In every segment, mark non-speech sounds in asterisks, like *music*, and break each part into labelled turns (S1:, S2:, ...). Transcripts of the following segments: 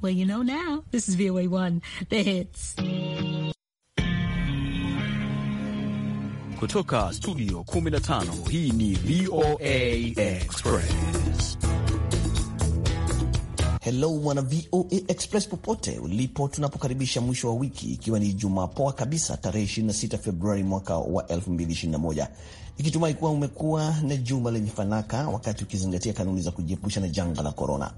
S1: Well, you know now. This is VOA1, The Hits.
S2: Kutoka studio 15 hii ni VOA Express. Hello mwana VOA Express popote ulipo, tunapokaribisha mwisho wa wiki, ikiwa ni jumaa poa kabisa tarehe 26 Februari mwaka wa 2021 ikitumai kuwa umekuwa na juma lenye fanaka, wakati ukizingatia kanuni za kujiepusha na janga la korona.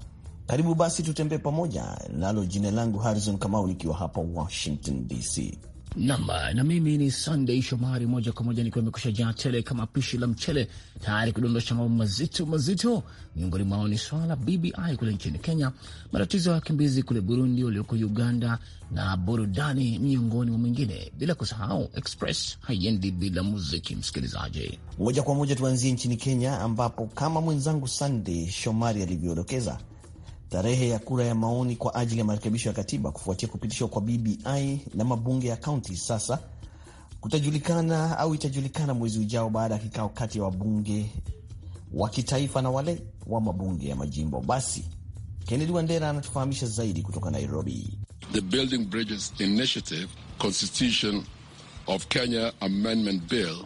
S2: Karibu basi tutembee pamoja, nalo jina langu Harrison Kamau nikiwa hapa Washington DC.
S3: Nam na mimi ni Sunday Shomari, moja kwa moja nikiwa nimekusha jaa tele kama pishi la mchele, tayari kudondosha mambo mazito mazito. Miongoni mwao ni swala BBI kule nchini Kenya, matatizo ya wakimbizi kule Burundi, walioko Uganda na burudani, miongoni mwa mwingine, bila kusahau
S2: Express haiendi bila muziki. Msikilizaji, moja kwa moja tuanzie nchini Kenya, ambapo kama mwenzangu Sunday Shomari alivyodokeza tarehe ya kura ya maoni kwa ajili ya marekebisho ya katiba kufuatia kupitishwa kwa BBI na mabunge ya kaunti sasa kutajulikana au itajulikana mwezi ujao baada ya kikao kati ya wabunge wa kitaifa na wale wa mabunge ya majimbo. Basi Kennedy Wandera anatufahamisha zaidi
S4: kutoka Nairobi. The Building Bridges Initiative Constitution of Kenya Amendment Bill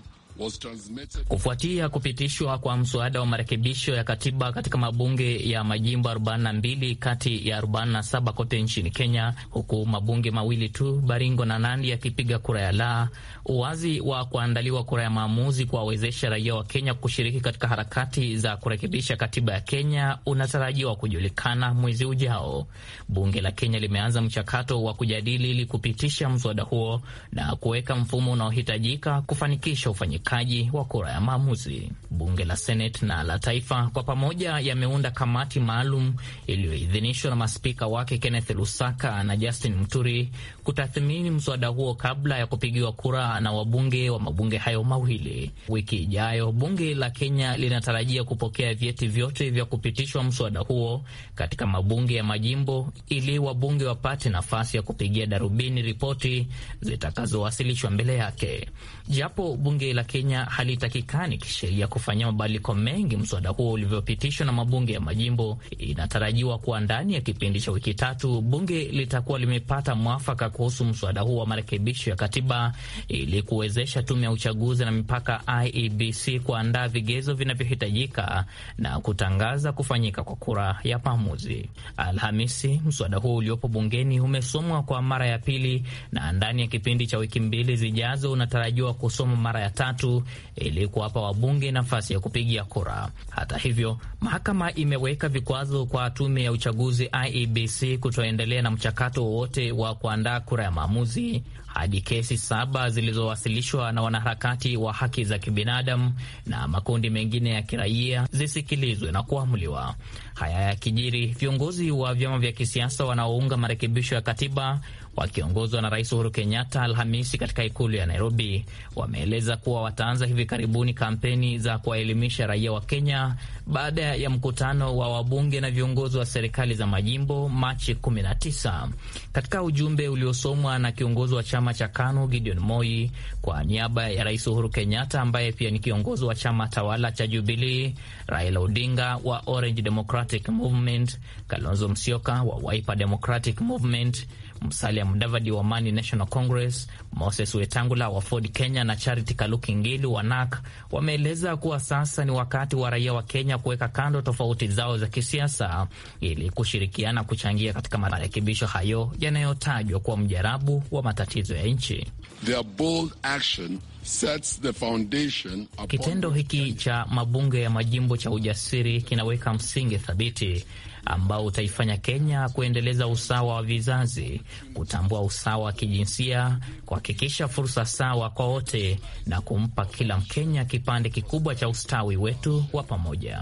S5: Kufuatia kupitishwa kwa mswada wa marekebisho ya katiba katika mabunge ya majimbo 42 kati ya 47 kote nchini Kenya, huku mabunge mawili tu, Baringo na Nandi, yakipiga kura ya laa, uwazi wa kuandaliwa kura ya maamuzi kuwawezesha raia wa Kenya kushiriki katika harakati za kurekebisha katiba ya Kenya unatarajiwa kujulikana mwezi ujao. Bunge la Kenya limeanza mchakato wa kujadili ili kupitisha mswada huo na kuweka mfumo unaohitajika kufanikisha ufanyikaji uwajibikaji wa kura ya maamuzi. Bunge la Seneti na la Taifa kwa pamoja yameunda kamati maalum iliyoidhinishwa na maspika wake Kenneth Lusaka na Justin Mturi kutathmini mswada huo kabla ya kupigiwa kura na wabunge wa mabunge hayo mawili. Wiki ijayo bunge la Kenya linatarajia kupokea vyeti vyote vya kupitishwa mswada huo katika mabunge ya majimbo ili wabunge wapate nafasi ya kupigia darubini ripoti zitakazowasilishwa mbele yake. Japo bunge la Kenya Kenya halitakikani kisheria kufanyia mabadiliko mengi. Mswada huo ulivyopitishwa na mabunge ya majimbo, inatarajiwa kuwa ndani ya kipindi cha wiki tatu bunge litakuwa limepata mwafaka kuhusu mswada huo wa marekebisho ya katiba ili kuwezesha tume ya uchaguzi na mipaka IEBC kuandaa vigezo vinavyohitajika na kutangaza kufanyika kwa kura ya maamuzi Alhamisi. Mswada huo uliopo bungeni umesomwa kwa mara ya pili na ndani ya kipindi cha wiki mbili zijazo unatarajiwa kusoma mara ya tatu tatu ili kuwapa wabunge nafasi ya kupigia kura. Hata hivyo, mahakama imeweka vikwazo kwa tume ya uchaguzi IEBC kutoendelea na mchakato wowote wa kuandaa kura ya maamuzi hadi kesi saba zilizowasilishwa na wanaharakati wa haki za kibinadamu na makundi mengine ya kiraia zisikilizwe na kuamuliwa. Haya yakijiri, viongozi wa vyama vya kisiasa wanaounga marekebisho ya katiba wakiongozwa na Rais Uhuru Kenyatta Alhamisi katika ikulu ya Nairobi wameeleza kuwa wataanza hivi karibuni kampeni za kuwaelimisha raia wa Kenya baada ya mkutano wa wabunge na viongozi wa serikali za majimbo Machi 19. Katika ujumbe uliosomwa na kiongozi wa chama chama cha KANU Gideon Moi kwa niaba ya Rais Uhuru Kenyatta ambaye pia ni kiongozi wa chama tawala cha jubilii Raila Odinga wa Orange Democratic Movement, Kalonzo Musyoka wa Wiper Democratic Movement Musalia Mudavadi wa Mani National Congress, Moses Wetangula wa Ford Kenya na Charity Kaluki ngilu wa NAK wameeleza kuwa sasa ni wakati wa raia wa Kenya kuweka kando tofauti zao za kisiasa ili kushirikiana kuchangia katika marekebisho hayo yanayotajwa kuwa mjarabu wa matatizo ya nchi. Kitendo hiki cha mabunge ya majimbo cha ujasiri kinaweka msingi thabiti ambao utaifanya Kenya kuendeleza usawa wa vizazi, kutambua usawa wa kijinsia, kuhakikisha fursa sawa kwa wote na kumpa kila Mkenya kipande kikubwa cha ustawi wetu wa pamoja.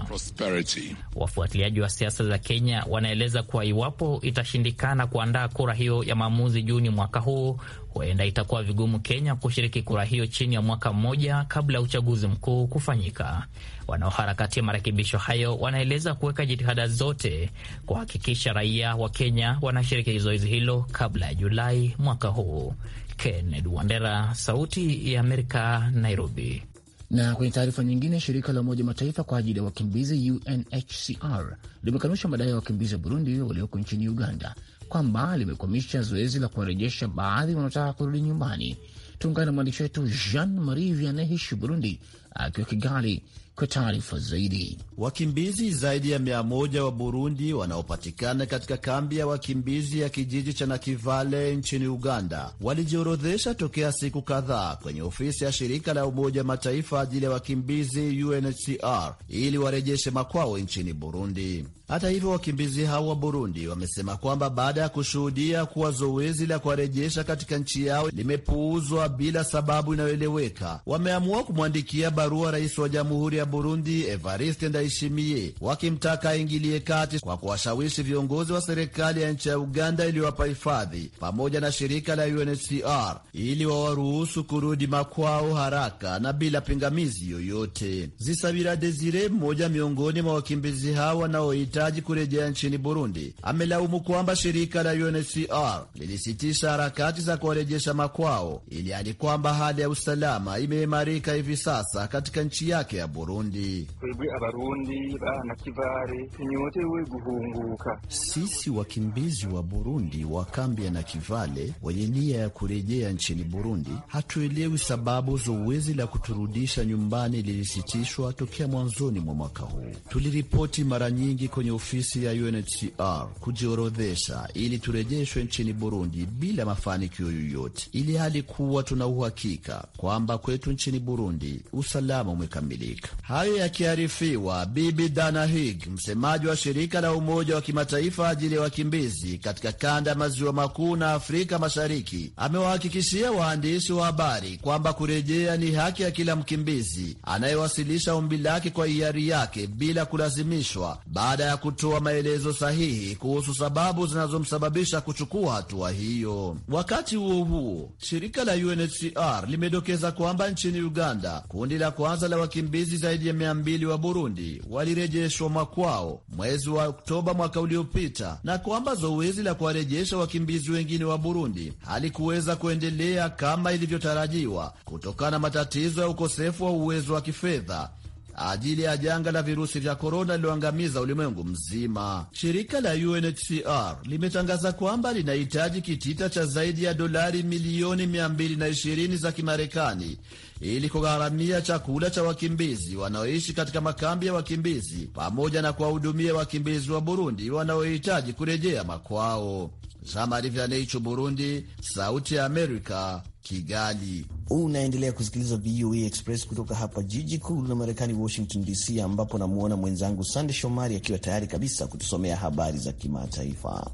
S5: Wafuatiliaji wa siasa za Kenya wanaeleza kuwa iwapo itashindikana kuandaa kura hiyo ya maamuzi Juni mwaka huu, huenda itakuwa vigumu Kenya kushiriki kura hiyo chini ya mwaka mmoja kabla ya uchaguzi mkuu kufanyika. Wanaoharakatia marekebisho hayo wanaeleza kuweka jitihada zote kuhakikisha raia wa Kenya wanashiriki zoezi hilo kabla ya Julai mwaka huu. Kennedy Wandera, Sauti ya Amerika, Nairobi.
S3: Na kwenye taarifa nyingine, shirika la Umoja Mataifa kwa ajili ya wakimbizi UNHCR limekanusha madai ya wakimbizi wa Burundi walioko nchini Uganda kwamba limekwamisha zoezi la kuwarejesha baadhi wanaotaka kurudi nyumbani. Tuungane na mwandishi wetu Jean Marie Vianehishi, Burundi akiwa Kigali kwa taarifa zaidi.
S4: Wakimbizi zaidi ya mia moja wa Burundi wanaopatikana katika kambi ya wakimbizi ya kijiji cha Nakivale nchini Uganda walijiorodhesha tokea siku kadhaa kwenye ofisi ya shirika la Umoja Mataifa ajili ya wakimbizi UNHCR ili warejeshe makwao nchini Burundi. Hata hivyo, wakimbizi hao wa Burundi wamesema kwamba baada ya kushuhudia kuwa zoezi la kuwarejesha katika nchi yao limepuuzwa bila sababu inayoeleweka, wameamua kumwandikia barua rais wa jamhuri ya Burundi Evariste Ndayishimiye wakimtaka aingilie kati kwa kuwashawishi viongozi wa serikali ya nchi ya Uganda iliyowapa hifadhi pamoja na shirika la UNHCR ili wawaruhusu kurudi makwao haraka na bila pingamizi yoyote. Zisabira Desire, mmoja miongoni mwa wakimbizi hao wanaoita anayehitaji kurejea nchini Burundi amelaumu kwamba shirika la UNHCR lilisitisha harakati za kuwarejesha makwao, ili hali kwamba hali ya usalama imeimarika hivi sasa katika nchi yake ya Burundi. Sisi wakimbizi wa Burundi wa kambi ya Nakivale wenye nia ya kurejea nchini Burundi hatuelewi sababu zoezi la kuturudisha nyumbani lilisitishwa tokea mwanzoni mwa mwaka huu. Tuliripoti mara nyingi kwenye kwenye ofisi ya UNHCR kujiorodhesha ili turejeshwe nchini Burundi bila mafanikio yoyote, ili hali kuwa tuna uhakika kwamba kwetu nchini Burundi usalama umekamilika. Hayo yakiarifiwa, Bibi Dana Hig, msemaji wa shirika la Umoja wa Kimataifa ajili ya wakimbizi katika kanda ya maziwa makuu na Afrika Mashariki, amewahakikishia waandishi wa habari kwamba kurejea ni haki ya kila mkimbizi anayewasilisha ombi lake kwa hiari yake bila kulazimishwa baada ya kutoa maelezo sahihi kuhusu sababu zinazomsababisha kuchukua hatua hiyo. Wakati huo huo, shirika la UNHCR limedokeza kwamba nchini Uganda kundi la kwanza la wakimbizi zaidi ya mia mbili wa Burundi walirejeshwa mwakwao mwezi wa Oktoba mwaka uliopita na kwamba zoezi la kuwarejesha wakimbizi wengine wa Burundi halikuweza kuendelea kama ilivyotarajiwa kutokana na matatizo ya ukosefu wa uwezo wa kifedha ajili ya janga la virusi vya korona lililoangamiza ulimwengu mzima. Shirika la UNHCR limetangaza kwamba linahitaji kitita cha zaidi ya dolari milioni 220 za Kimarekani ili kugharamia chakula cha wakimbizi wanaoishi katika makambi ya wakimbizi pamoja na kuwahudumia wakimbizi wa Burundi wanaohitaji kurejea makwao. Burundi, Sauti ya Amerika, Kigali. Unaendelea
S2: kusikiliza VOA Express kutoka hapa jiji kuu la Marekani, Washington DC, ambapo namwona mwenzangu Sande Shomari akiwa tayari kabisa kutusomea habari za kimataifa.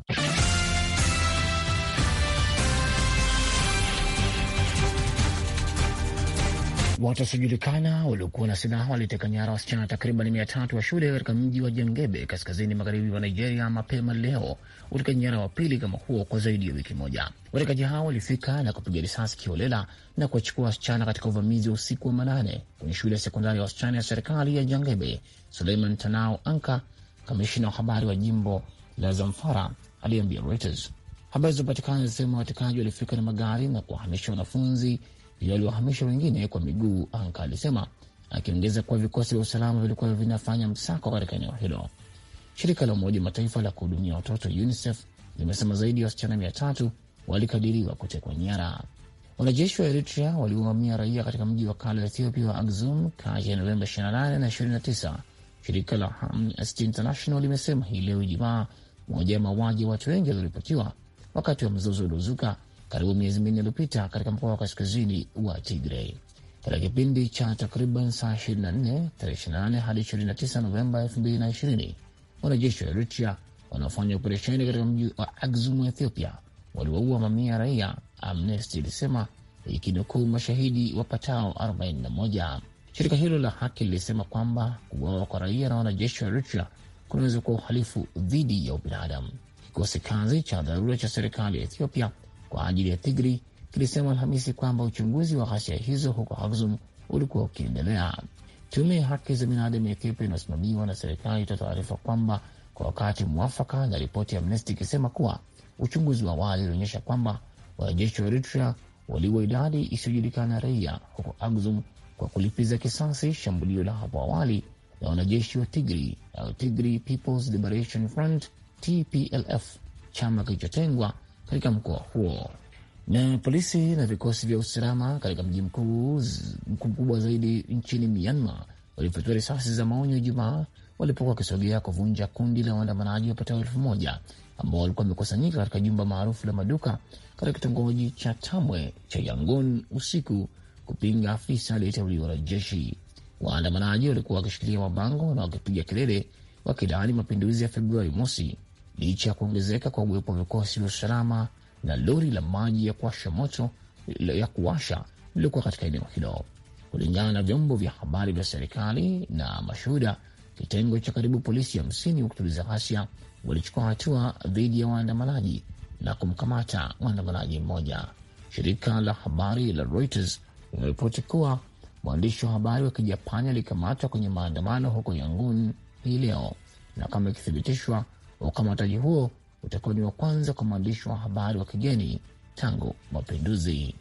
S3: Watu wasiojulikana waliokuwa na silaha waliteka nyara wasichana takriban mia tatu wa shule katika mji wa Jangebe, kaskazini magharibi mwa Nigeria mapema leo, utekaji nyara wa pili kama huo kwa zaidi ya wiki moja. Watekaji hao walifika na kupiga risasi kiholela na kuwachukua wasichana katika uvamizi wa usiku wa manane kwenye shule ya sekondari ya wasichana ya serikali ya Jangebe. Suleiman Tanao Anka, kamishina wa habari wa jimbo la Zamfara, aliambia Reuters. Habari zilizopatikana zinasema watekaji walifika na magari na kuwahamisha wanafunzi liliwaliwahamisha wengine kwa miguu, Anka alisema, akiongeza kuwa vikosi vya usalama vilikuwa vinafanya msako katika eneo hilo. Shirika la Umoja Mataifa la kuhudumia watoto UNICEF limesema zaidi ya wasichana mia tatu walikadiriwa kutekwa nyara. Wanajeshi wa Eritrea waliwamia raia katika mji wa kale wa Ethiopia wa Axum kati ya Novemba 28 na 29. Shirika la Amnesty International limesema hii leo Ijumaa, moja ya mauaji ya watu wengi walioripotiwa wakati wa mzozo uliozuka karibu miezi minne iliyopita katika mkoa wa kaskazini wa Tigrey. Katika kipindi cha takriban saa 24 tarehe 28 hadi 29 Novemba 2020 wanajeshi wa Eritrea wanaofanya operesheni katika mji wa Aksum wa Ethiopia waliwaua mamia ya raia, Amnesty ilisema ikinukuu mashahidi wapatao 41. Shirika hilo la haki lilisema kwamba kuuawa kwa raia na wanajeshi wa Eritrea kunaweza kuwa uhalifu dhidi ya ubinadamu. Kikosi kazi cha dharura cha serikali ya Ethiopia kwa ajili ya Tigri kilisema Alhamisi kwamba uchunguzi wa ghasia hizo huko Harzum ulikuwa ukiendelea. Tume ya haki za binadamu ya Kipri inasimamiwa na serikali itoa taarifa kwamba kwa wakati mwafaka, na ripoti ya Amnesty ikisema kuwa uchunguzi wa awali ulionyesha kwamba wanajeshi wa Eritrea waliwa idadi isiyojulikana raia huko azum kwa kulipiza kisasi shambulio la hapo awali la wanajeshi wa Tigri au Tigri People's Liberation Front TPLF, chama kilichotengwa katika mkoa huo. Na polisi na vikosi vya usalama katika mji mkuu mkubwa zaidi nchini Myanmar walifyatua risasi za maonyo Ijumaa walipokuwa wakisogea kuvunja kundi la waandamanaji wapatao elfu moja ambao walikuwa wamekusanyika katika jumba maarufu la maduka katika kitongoji cha Tamwe cha Yangon usiku kupinga afisa aliyeteuliwa na jeshi. Waandamanaji walikuwa wakishikilia mabango na wakipiga kelele wakidani mapinduzi ya Februari mosi licha ya kuongezeka kwa uwepo wa vikosi vya usalama na lori la maji ya kuwasha moto ya kuwasha lilikuwa katika eneo hilo. Kulingana na vyombo vya habari vya serikali na mashuhuda, kitengo cha karibu polisi hamsini wa kutuliza ghasia walichukua hatua dhidi ya waandamanaji na kumkamata mwandamanaji mmoja. Shirika la habari la Reuters limeripoti kuwa mwandishi wa habari wa Kijapani alikamatwa kwenye maandamano huko Yangon hii leo, na kama ikithibitishwa Ukamataji huo utakuwa ni wa kwanza kwa mwandishi wa habari wa kigeni tangu mapinduzi.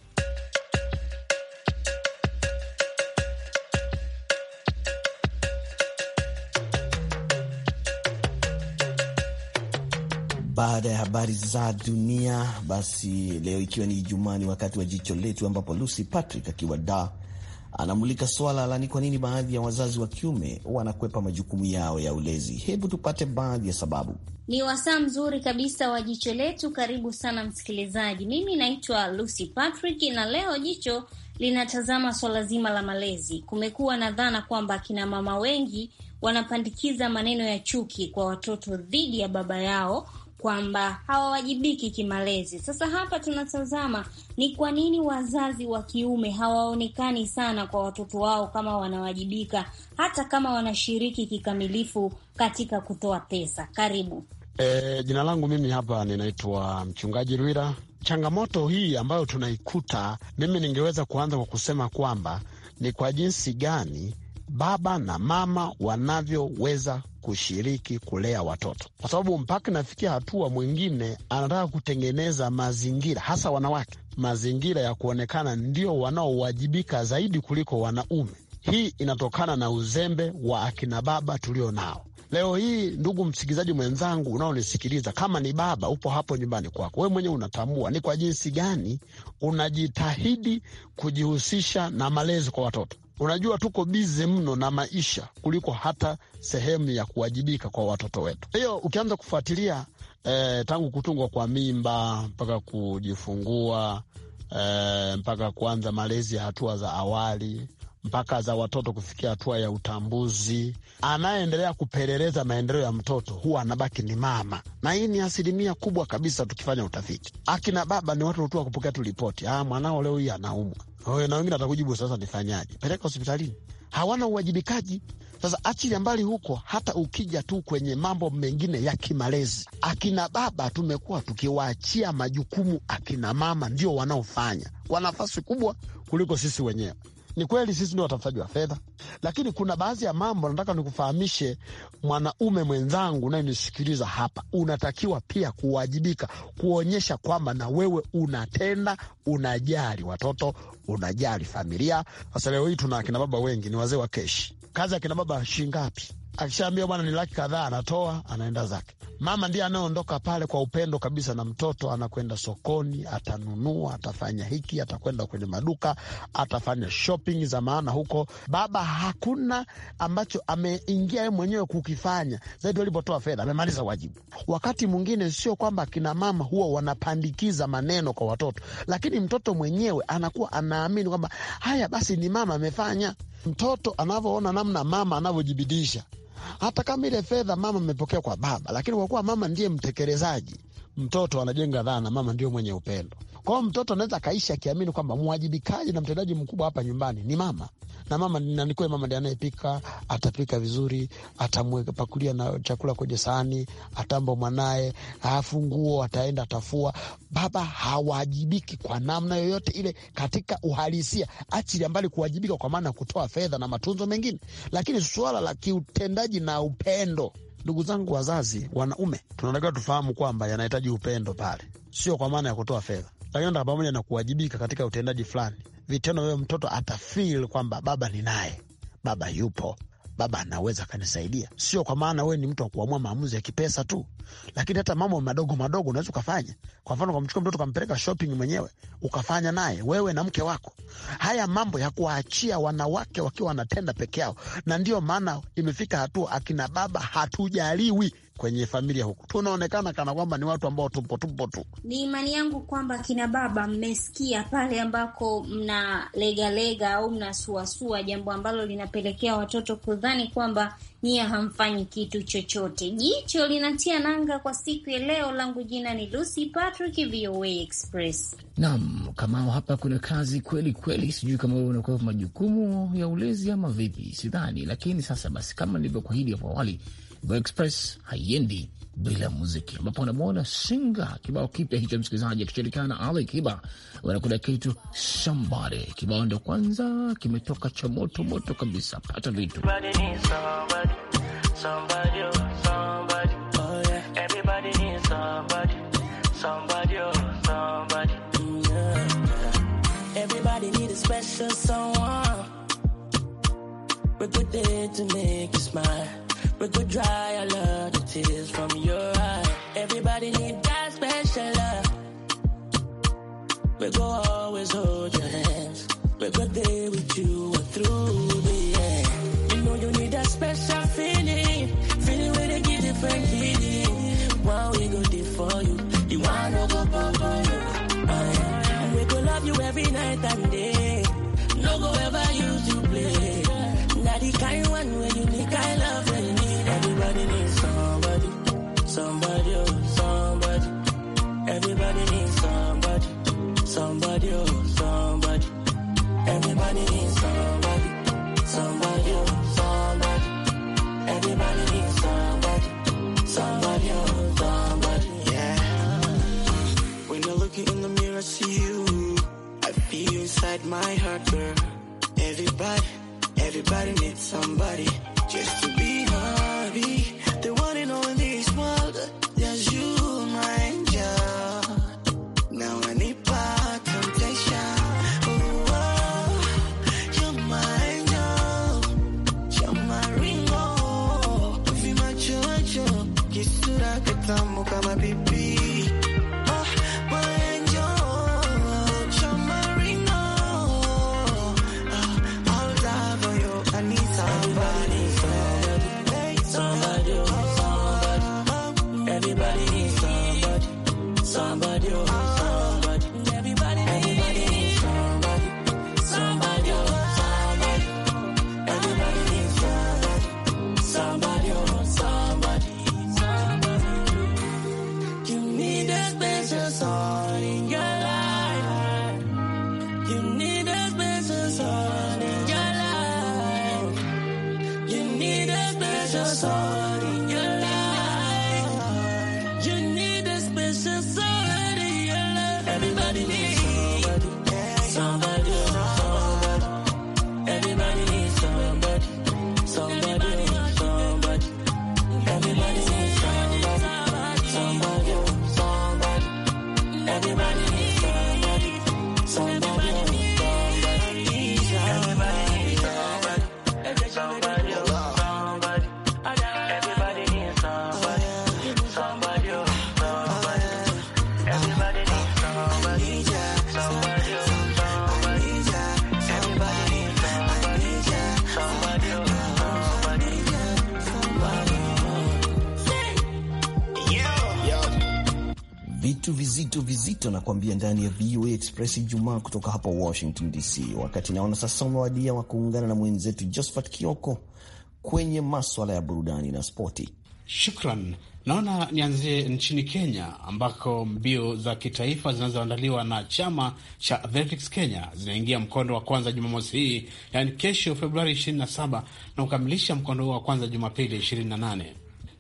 S2: Baada ya habari za dunia, basi leo ikiwa ni Ijumaa, ni wakati wa jicho letu, ambapo Lucy Patrick akiwa da anamulika swala la ni kwa nini baadhi ya wazazi wa kiume wanakwepa majukumu yao ya ulezi. Hebu tupate baadhi ya sababu.
S1: Ni wasaa mzuri kabisa wa jicho letu. Karibu sana msikilizaji, mimi naitwa Lucy Patrick na leo jicho linatazama swala zima la malezi. Kumekuwa na dhana kwamba akina mama wengi wanapandikiza maneno ya chuki kwa watoto dhidi ya baba yao kwamba hawawajibiki kimalezi. Sasa hapa tunatazama ni kwa nini wazazi wa kiume hawaonekani sana kwa watoto wao kama wanawajibika, hata kama wanashiriki kikamilifu katika kutoa pesa. Karibu.
S6: E, jina langu mimi hapa ninaitwa Mchungaji Rwira. Changamoto hii ambayo tunaikuta, mimi ningeweza kuanza kwa kusema kwamba ni kwa jinsi gani baba na mama wanavyoweza kushiriki kulea watoto, kwa sababu mpaka inafikia hatua mwingine anataka kutengeneza mazingira, hasa wanawake, mazingira ya kuonekana ndio wanaowajibika zaidi kuliko wanaume. Hii inatokana na uzembe wa akina baba tulio nao leo hii. Ndugu msikilizaji mwenzangu unaonisikiliza, kama ni baba upo hapo nyumbani kwako, wewe mwenyewe unatambua ni kwa jinsi gani unajitahidi kujihusisha na malezi kwa watoto. Unajua, tuko bizi mno na maisha kuliko hata sehemu ya kuwajibika kwa watoto wetu. Hiyo ukianza kufuatilia eh, tangu kutungwa kwa mimba mpaka kujifungua eh, mpaka kuanza malezi ya hatua za awali mpaka za watoto kufikia hatua ya utambuzi. Anayeendelea kupeleleza maendeleo ya mtoto huwa anabaki ni mama, na hii ni asilimia kubwa kabisa. Tukifanya utafiti, akina baba ni watu tu wa kupokea tu ripoti, ah, mwanao leo hii anaumwa, na wengine atakujibu sasa, nifanyaje? Peleka hospitalini. Hawana uwajibikaji. Sasa achilia mbali huko, hata ukija tu kwenye mambo mengine ya kimalezi, akina baba tumekuwa tukiwaachia majukumu akina mama, ndio wanaofanya, wana nafasi kubwa kuliko sisi wenyewe. Ni kweli sisi ndio watafutaji wa fedha, lakini kuna baadhi ya mambo nataka nikufahamishe mwanaume mwenzangu, unayenisikiliza hapa, unatakiwa pia kuwajibika, kuonyesha kwamba na wewe unatenda, unajali watoto, unajali familia. Sasa leo hii tuna akina baba wengi ni wazee wa keshi. Kazi ya akina baba shingapi? akishaambia bwana ni laki kadhaa, anatoa anaenda zake. Mama ndiye anayeondoka pale kwa upendo kabisa na mtoto, anakwenda sokoni, atanunua, atafanya hiki, atakwenda kwenye maduka, atafanya shopping za maana huko. Baba hakuna ambacho ameingia ye mwenyewe kukifanya zaidi walipotoa fedha, amemaliza wajibu. Wakati mwingine sio kwamba kina mama huwa wanapandikiza maneno kwa watoto, lakini mtoto mwenyewe anakuwa anaamini kwamba haya basi ni mama amefanya. Mtoto anavyoona namna mama anavyojibidisha hata kama ile fedha mama mmepokea kwa baba, lakini kwa kuwa mama ndiye mtekelezaji, mtoto anajenga dhana mama ndio mwenye upendo. Kwa hiyo mtoto anaweza akaishi akiamini kwamba mwajibikaji na mtendaji mkubwa hapa nyumbani ni mama na mama na mama ndiye anayepika, atapika vizuri, atamweka pakulia na chakula kwenye sahani, atamba mwanaye, alafu nguo ataenda atafua. Baba hawajibiki kwa namna yoyote ile katika uhalisia, achilia mbali kuwajibika kwa maana ya kutoa fedha na matunzo mengine, lakini suala la kiutendaji na upendo Ndugu zangu wazazi, wanaume, tunatakiwa tufahamu kwamba yanahitaji upendo pale, sio kwa maana ya kutoa fedha, lakini ata pamoja na kuwajibika katika utendaji fulani vitendo, wewe mtoto atafil kwamba baba ni naye baba yupo, baba anaweza akanisaidia. Sio kwa maana wewe ni mtu wa kuamua maamuzi ya kipesa tu, lakini hata mambo madogo madogo unaweza ukafanya. Kwa mfano, ukamchukua mtoto kampeleka shopping mwenyewe, ukafanya naye wewe na mke wako. Haya mambo ya kuwaachia wanawake wakiwa wanatenda peke yao, na ndiyo maana imefika hatua akina baba hatujaliwi kwenye familia huku, tunaonekana kana kwamba ni watu ambao tupo tupo tu.
S1: Ni imani yangu kwamba kina baba, mmesikia pale ambako mna legalega au mnasuasua, jambo ambalo linapelekea watoto kudhani kwamba nyiye hamfanyi kitu chochote. Jicho linatia nanga kwa siku ya leo, langu jina ni Lucy Patrick, VOA Express.
S3: Naam, Kamao, hapa kuna kazi kweli kweli. Sijui kama wewe unakuwa majukumu ya ulezi ama vipi, sidhani. Lakini sasa basi, kama nilivyokuahidi hapo awali Vo Express haiendi bila muziki, ambapo anamwona Singa kibao kipya hicho, msikilizaji, akishirikiana na Ali Kiba wanakuda kitu shambare. Kibao ndo kwanza kimetoka cha moto moto kabisa, pata vitu
S7: Somebody, we could dry all of the tears from your eyes. Everybody need that special love. We go always hold your hands. We go there with you and through the end. You know you need that special feeling, feeling where they give different feeling. What we go do for you, you want to go for you. Uh, we go love you every night and day. No go ever use you play. Now the kind vitu vizito
S2: vizito na kuambia ndani ya VOA Express Ijumaa kutoka hapa Washington DC. Wakati naona sasa umewadia wa kuungana na mwenzetu Josephat Kioko kwenye maswala ya burudani na spoti.
S8: Shukran. Naona nianzie nchini Kenya ambako mbio za kitaifa zinazoandaliwa na chama cha Athletics Kenya zinaingia mkondo wa kwanza Jumamosi hii, yaani kesho Februari 27 na kukamilisha mkondo huo wa kwanza Jumapili 28.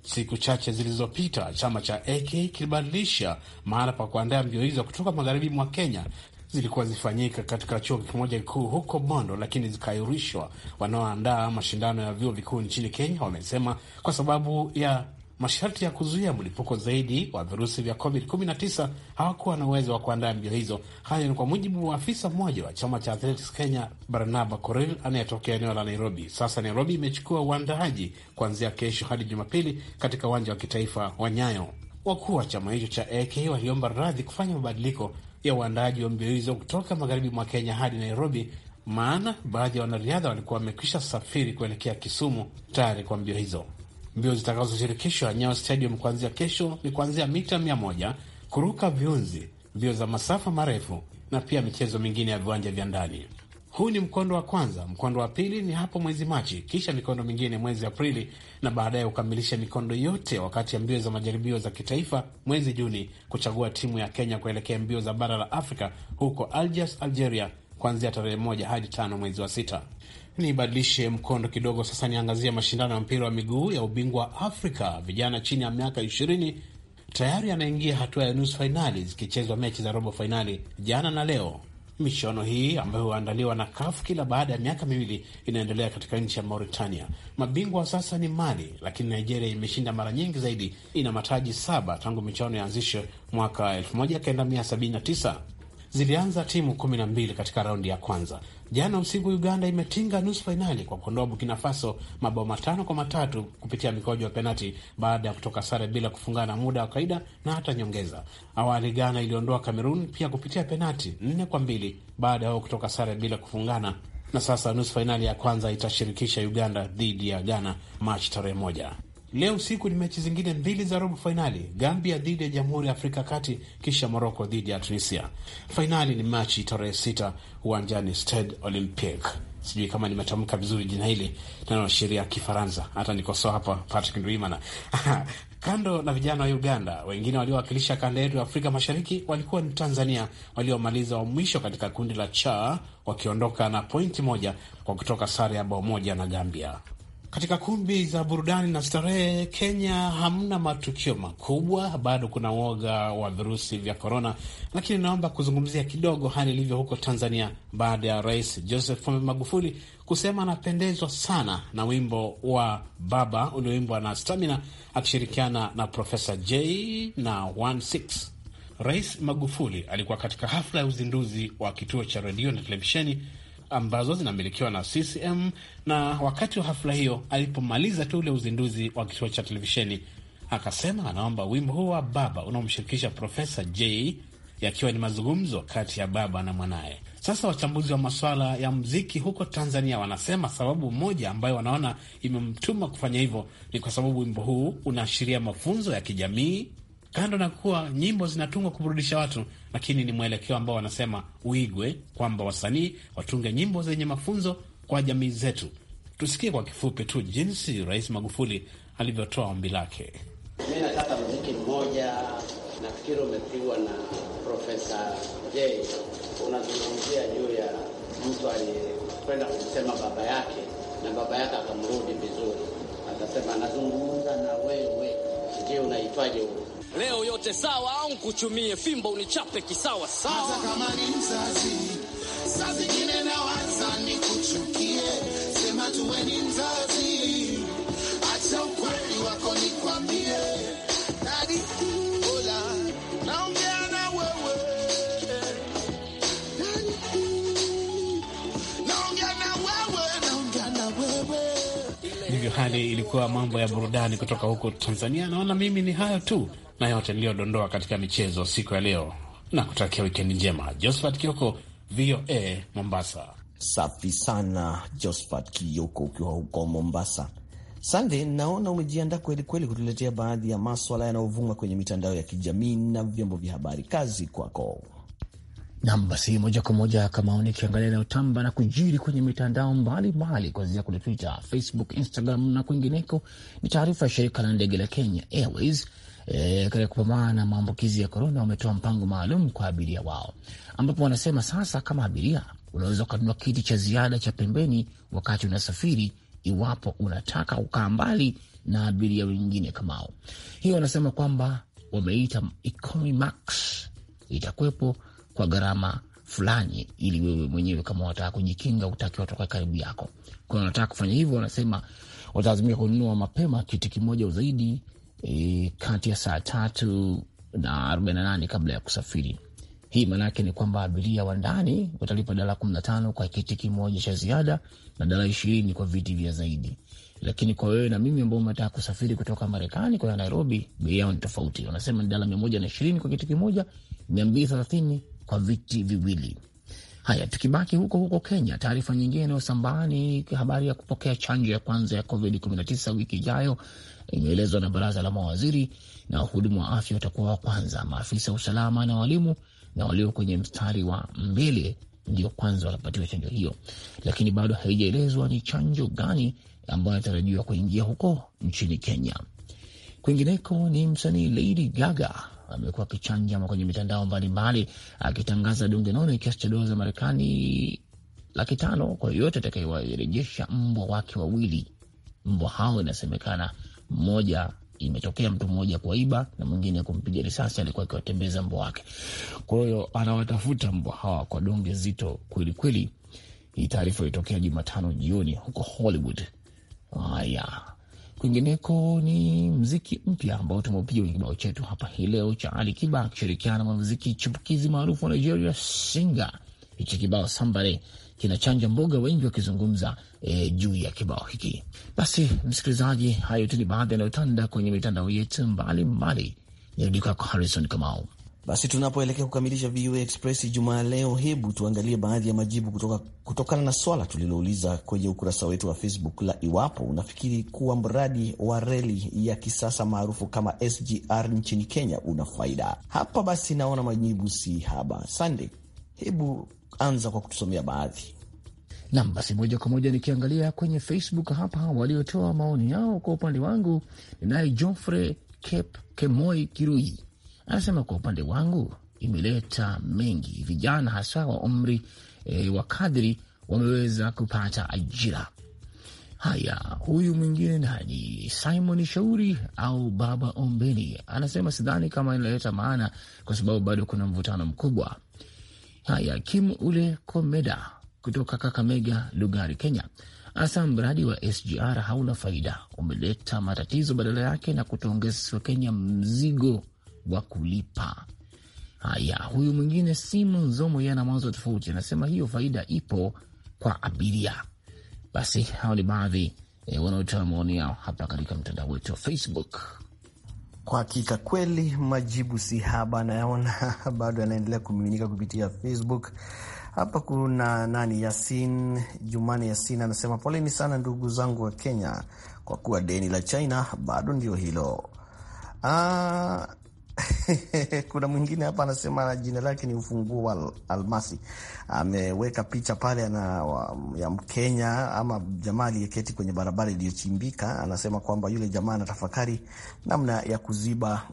S8: Siku chache zilizopita chama cha AK kilibadilisha mahala pa kuandaa mbio hizo kutoka magharibi mwa Kenya. Zilikuwa zifanyika katika chuo kimoja kikuu huko Bondo, lakini zikaahirishwa. Wanaoandaa mashindano ya vyuo vikuu nchini Kenya wamesema kwa sababu ya masharti ya kuzuia mlipuko zaidi wa virusi vya COVID-19 hawakuwa na uwezo wa kuandaa mbio hizo. Hayo ni kwa mujibu wa afisa mmoja wa chama cha Athletics Kenya, Barnaba Koril, anayetokea eneo la Nairobi. Sasa Nairobi imechukua uandaaji kuanzia kesho hadi Jumapili katika uwanja wa kitaifa wa Nyayo. Wakuu wa chama hicho cha AK waliomba radhi kufanya mabadiliko ya uandaaji wa mbio hizo kutoka magharibi mwa Kenya hadi Nairobi, maana baadhi ya wanariadha walikuwa wamekwisha safiri kuelekea Kisumu tayari kwa mbio hizo. Mbio zitakazoshirikishwa Nyayo Stadium kuanzia kesho ni kuanzia mita mia moja, kuruka viunzi, mbio za masafa marefu na pia michezo mingine ya viwanja vya ndani. Huu ni mkondo wa kwanza. Mkondo wa pili ni hapo mwezi Machi, kisha mikondo mingine mwezi Aprili na baadaye hukamilisha mikondo yote wakati ya mbio za majaribio za kitaifa mwezi Juni, kuchagua timu ya Kenya kuelekea mbio za bara la Afrika huko Algiers, Algeria, kuanzia tarehe moja hadi tano mwezi wa sita. Nibadilishe mkondo kidogo sasa, niangazie mashindano ya mpira wa miguu ya ubingwa wa Afrika vijana chini ya miaka ishirini tayari anaingia hatua ya nusu fainali zikichezwa mechi za robo fainali jana na leo. Michuano hii ambayo huandaliwa na CAF kila baada ya miaka miwili inaendelea katika nchi ya Mauritania. Mabingwa wa sasa ni Mali, lakini Nigeria imeshinda mara nyingi zaidi, ina mataji saba tangu michuano yaanzishwe mwaka 1979 zilianza timu kumi na mbili katika raundi ya kwanza. Jana usiku Uganda imetinga nusu fainali kwa kuondoa Burkina Faso mabao matano kwa matatu kupitia mikojo ya penati baada ya kutoka sare bila kufungana muda wa kawaida na hata nyongeza. Awali Ghana iliondoa Kamerun pia kupitia penati nne kwa mbili baada ya kutoka sare bila kufungana, na sasa nusu fainali ya kwanza itashirikisha Uganda dhidi ya Ghana Machi tarehe moja. Leo usiku ni mechi zingine mbili za robo fainali, Gambia dhidi ya Jamhuri ya Afrika Kati, kisha Moroko dhidi ya Tunisia. Fainali ni Machi tarehe sita uwanjani Stade Olympique. Sijui kama nimetamka vizuri jina hili linaloashiria Kifaransa, hata nikosoa hapa Patrick Ndwimana. *laughs* Kando na vijana wa Uganda, wengine waliowakilisha kanda yetu ya Afrika Mashariki walikuwa ni Tanzania, waliomaliza wa mwisho katika kundi la cha wakiondoka na pointi moja kwa kutoka sare ya bao moja na Gambia. Katika kumbi za burudani na starehe Kenya hamna matukio makubwa bado, kuna uoga wa virusi vya korona, lakini naomba kuzungumzia kidogo hali ilivyo huko Tanzania baada ya Rais Joseph Pombe Magufuli kusema anapendezwa sana na wimbo wa Baba ulioimbwa na Stamina akishirikiana na Profesa J na 16. Rais Magufuli alikuwa katika hafla ya uzinduzi wa kituo cha redio na televisheni ambazo zinamilikiwa na CCM, na wakati wa hafla hiyo alipomaliza tu ule uzinduzi wa kituo cha televisheni akasema anaomba wimbo huu wa Baba unaomshirikisha Profesa J yakiwa ni mazungumzo kati ya baba na mwanaye. Sasa wachambuzi wa masuala ya mziki huko Tanzania wanasema sababu moja ambayo wanaona imemtuma kufanya hivyo ni kwa sababu wimbo huu unaashiria mafunzo ya kijamii kando na kuwa nyimbo zinatungwa kuburudisha watu, lakini ni mwelekeo ambao wanasema uigwe, kwamba wasanii watunge nyimbo zenye mafunzo kwa jamii zetu. Tusikie kwa kifupi tu jinsi Rais Magufuli alivyotoa ombi lake.
S6: Mi nataka mziki mmoja, nafikiri umepigwa na Profesa J. Unazungumzia juu ya mtu aliyekwenda
S3: kumsema baba yake na baba yake akamrudi vizuri, atasema anazungumza na wewe, sijui unaitwaje
S6: leo yote sawa, au nkuchumie fimbo unichape kisawa sawa. Kama ni mzazi, saa zingine nawaza nikuchukie, sema tuwe ni mzazi, acha ukweli wako
S4: nikwambie
S8: hali ilikuwa mambo ya burudani kutoka huko Tanzania. Naona mimi ni hayo tu na yote niliyodondoa katika michezo siku ya leo na kutakia wikendi njema. Josephat Kioko, VOA Mombasa. Safi sana
S2: Josephat Kioko ukiwa huko Mombasa. Sande, naona umejiandaa kweli kweli kutuletea baadhi ya maswala yanayovuma kwenye mitandao ya kijamii na vyombo vya habari. Kazi
S3: kwako. Nam, basi moja kwa moja kamaoni, kiangalia inayotamba na kujiri kwenye mitandao mbalimbali kuanzia kule Twitter, Facebook, Instagram na kwingineko, ni taarifa ya shirika la ndege la Kenya Airways e, katika kupambana na maambukizi ya korona wametoa mpango maalum kwa abiria wao, ambapo wanasema sasa, kama abiria unaweza ukanunua kiti cha ziada cha pembeni wakati unasafiri, iwapo unataka kukaa mbali na abiria wengine kamao. Hiyo wanasema kwamba wameita economy max, itakuwepo kwa gharama fulani ili wewe mwenyewe kama wanataka kujikinga, utaki watu wakae karibu yako. Kwa wanataka kufanya hivyo, wanasema watalazimika kununua mapema kiti kimoja zaidi e, kati ya saa tatu na 48 kabla ya kusafiri. Hii maanake ni kwamba abiria wa ndani watalipa dala 15 kwa kiti kimoja cha ziada na dala 20 kwa viti vya zaidi. Lakini kwa wewe na mimi ambao umetaka kusafiri kutoka Marekani kwenda Nairobi, bei yao ni tofauti. Wanasema ni dola 120 kwa kiti kimoja, 230 kwa viti viwili. Haya, tukibaki huko huko Kenya, taarifa nyingine inayosambaa ni habari ya kupokea chanjo ya kwanza ya COVID-19 wiki ijayo imeelezwa na baraza la mawaziri, na wahudumu wa afya watakuwa wa kwanza. Maafisa wa usalama na walimu na walio kwenye mstari wa mbele ndio kwanza wanapatiwa chanjo hiyo, lakini bado haijaelezwa ni chanjo gani ambayo inatarajiwa kuingia huko nchini Kenya. Kwingineko ni msanii Lady Gaga amekuwa akichanja kwenye mitandao mbalimbali akitangaza donge nono kiasi cha dola za Marekani laki tano kwa yoyote atakayewarejesha mbwa wake wawili. Mbwa hao inasemekana mmoja imetokea mtu mmoja kuiba na mwingine kumpiga risasi, alikuwa akiwatembeza mbwa wake. Kwa hiyo anawatafuta mbwa hawa kwa donge zito kweli kweli. Hii taarifa ilitokea Jumatano jioni huko Hollywood. Haya, kwingineko ni mziki mpya ambao tumeupiga kwenye kibao chetu hapa hii leo cha Ali Kiba akishirikiana na mwanamuziki chipukizi maarufu wa Nigeria Singa. Hichi kibao Sambare kinachanja mboga wengi wakizungumza e, juu ya kibao hiki. Basi msikilizaji, hayo tu ni baadhi yanayotanda kwenye mitandao yetu mbalimbali. Nirudi kwako Harrison Kamau. Basi tunapoelekea kukamilisha
S2: VOA Express ya leo, hebu tuangalie baadhi ya majibu kutoka, kutokana na swala tulilouliza kwenye ukurasa wetu wa Facebook la iwapo unafikiri kuwa mradi wa reli ya kisasa maarufu kama SGR nchini Kenya una faida. Hapa basi naona majibu si haba. Sande, hebu anza kwa kutusomea baadhi.
S3: Nam, basi moja kwa moja nikiangalia kwenye Facebook hapa waliotoa maoni yao. Kwa upande wangu ninaye Jofre Kep Kemoi Kirui anasema, kwa upande wangu imeleta mengi, vijana hasa wa umri e, wa kadri wameweza kupata ajira. Haya, huyu mwingine nani? Simon Shauri au Baba Ombeni anasema sidhani kama inaleta maana, kwa sababu bado kuna mvutano mkubwa Haya, Kim Ule Komeda kutoka Kakamega, Lugari, Kenya, hasa mradi wa SGR hauna faida, umeleta matatizo badala yake na kutoongeza kenya mzigo wa kulipa. Haya, huyu mwingine Simu Nzomo, yeye ana mawazo tofauti, anasema hiyo faida ipo kwa abiria. Basi hao ni baadhi eh, wanaotoa maoni yao hapa katika mtandao wetu wa Facebook.
S2: Kwa hakika kweli majibu si haba, nayaona *laughs* bado yanaendelea kumiminika kupitia Facebook. Hapa kuna nani, Yasin Jumani Yasin anasema poleni sana ndugu zangu wa Kenya kwa kuwa deni la China bado ndio hilo. Aa, ah, kuna mwingine hapa anasema jina lake ni Ufunguo wa Almasi. Ameweka picha pale na, ya Mkenya ama jamaa aliyeketi kwenye barabara iliyochimbika. Anasema kwamba yule jamaa anatafakari namna ya kuziba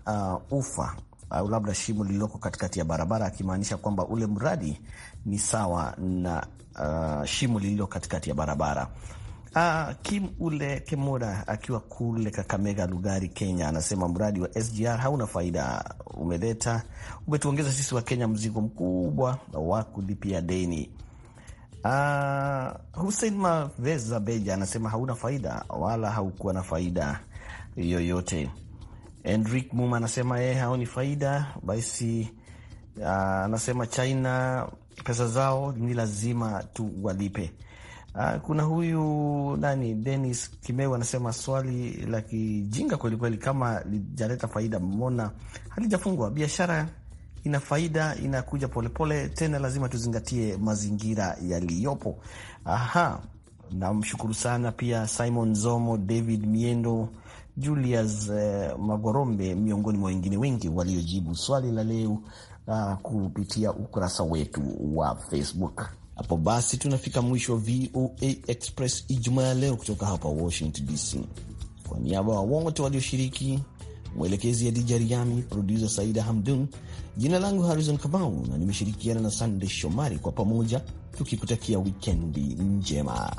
S2: uh, ufa au labda shimo lililoko katikati ya barabara, akimaanisha kwamba ule mradi ni sawa na uh, shimo lililo katikati ya barabara. Uh, Kim ule Kemura akiwa kule Kakamega, Lugari, Kenya, anasema mradi wa SGR hauna faida, umeleta umetuongeza sisi wa Kenya mzigo mkubwa wa kulipia deni. Uh, Hussein Maveza Beja anasema hauna faida wala haukuwa na faida yoyote. Enric Muma anasema yeye haoni faida basi. Uh, anasema China pesa zao ni lazima tu walipe Ah, kuna huyu nani Dennis Kimeu anasema swali la kijinga kwelikweli, kama lijaleta faida, mbona halijafungwa? Biashara ina faida, inakuja polepole, tena lazima tuzingatie mazingira yaliyopo. Aha, namshukuru sana pia Simon Zomo, David Miendo, Julius eh, Magorombe, miongoni mwa wengine wengi waliojibu swali la leo uh, kupitia ukurasa wetu wa Facebook. Hapo basi tunafika mwisho wa VOA Express Ijumaa ya leo kutoka hapa Washington DC. Kwa niaba wa wote walioshiriki, mwelekezi ya Dija Riami, produsa Saida Hamdun, jina langu Harrison Kamau na nimeshirikiana na Sandey Shomari, kwa pamoja tukikutakia wikendi njema.